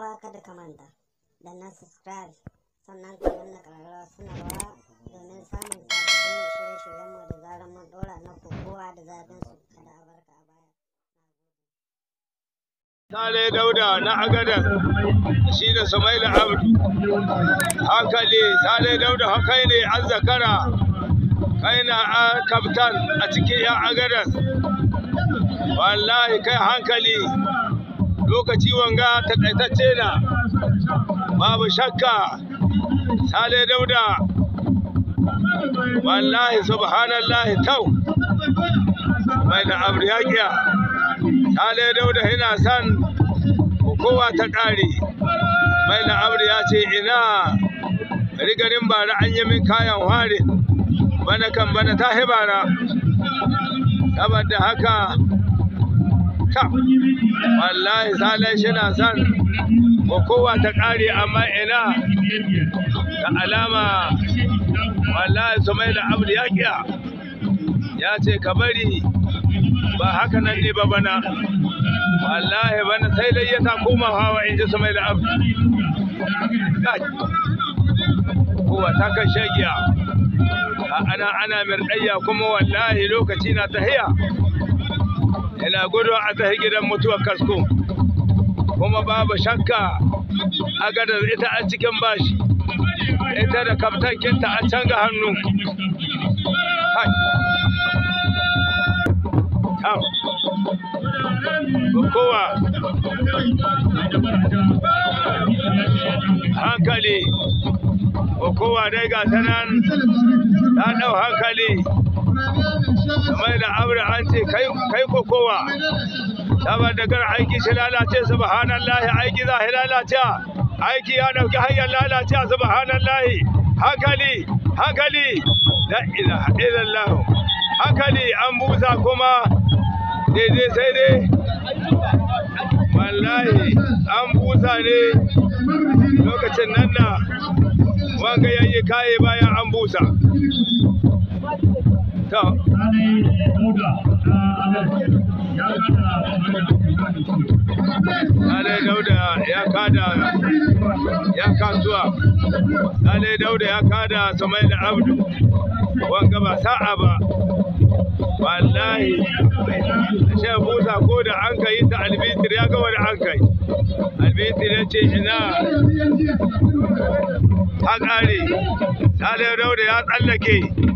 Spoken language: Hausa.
uwa kada ka manta da na subscribe sannan ka danna ƙararrawa sanarwa domin samun sabbin shirye-shiryenmu da zarar mun ɗora na kowa da zafin su kada a barka a baya. Sale Dauda na Agadan shi da Sumaila Abdu hankali Sale Dauda hakai ne an zakara kai na a kaftan a cikin 'yan Agadan wallahi kai hankali lokaci wanga ta takaitacce na babu shakka sale dauda wallahi subhanallahi tau mai da abu sale dauda yana son kowa ta ƙare mai da abu ya ce ina rigarin bara an yi min kayan hari bana kan bana ta hibara saboda haka wallahi salai na san kowa ta ƙare amma ina da alama wallahi su mai da abu ya kiya ya ce ka bari ba haka nan ne ba bana wallahi bana sai dai ya ta koma hawa in ji su mai da abu kowa ta kan shagiya ana ana mirɗayya kuma wallahi lokaci na tahiya ina gudu a tafi gidan mutuwar kasko kuma babu shakka a gada ita a cikin bashi ita da kinta a can ga hannu kowa hankali kowa dai ga ta nan ta ɗau hankali kamar da amra an ce kai ko kowa dama da gar aiki shi lalace subhanallah aiki za shi lalace aiki ya dauki hanyar lalace subhanallah hakali hakali la ilaha illallah an busa kuma daidai sai dai wallahi an busa ne lokacin nan na wanga yayi kaye bayan an busa Lale Dauda ya kada ya kasuwa. Lale Dauda ya kada Samail Abdu. Wanga ba sa'a ba. Wallahi Shehu Musa ko da an kai ta albitir ya ga da an kai. Albitir ya ce ina ta ƙare. Lale Dauda ya tsallake.